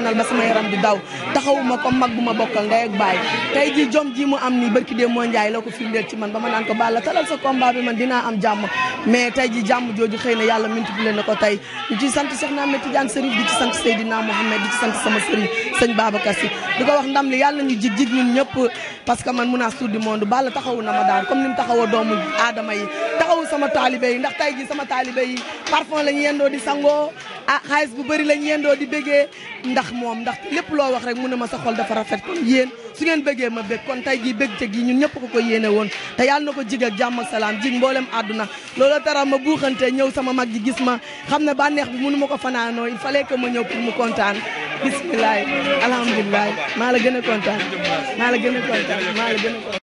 ñaanal ba sama yaram di daw taxawu ma comme mag bu ma bokkal ndey ak baay tey ji jom ji mu am ni barki dee moo njaay la ko firndeel ci man ba ma naan ko Balla talal sa combat bi man dinaa am jàmm mais tey ji jàmm jooju xëy na yàlla multiplié na ko tey ñu sama sëriñ sëñ Babacar Si di wax ndam li yàlla ñu jig jig ñun ñëpp parce man menace tour du monde Balla taxawu na ma daan comme ni mu taxawoo doomu aadama yi taxawu sama taalibe yi ndax tey ji sama ah xaalis bu bëri lañ yendoo di bëggee ndax moom ndax lépp loo wax rek mu ne ma sa dafa rafet kon yéen su ngeen bëggee ma bëgg kon tey jii bëgg te gi ñun ñëpp ko ko yéene woon te yàlla na ko jig ak jàmm ak salaam mboolem àdduna loolu tara ma buuxante ñëw sama mag ji gis ma xam ne bànneex bi mënu ma ko fanaanoo il fallait que ma ñëw pour mu kontaan bisimilah alhamdulilah maa la gën a kontaan maa la gën a kontaan maa la gën a kontaan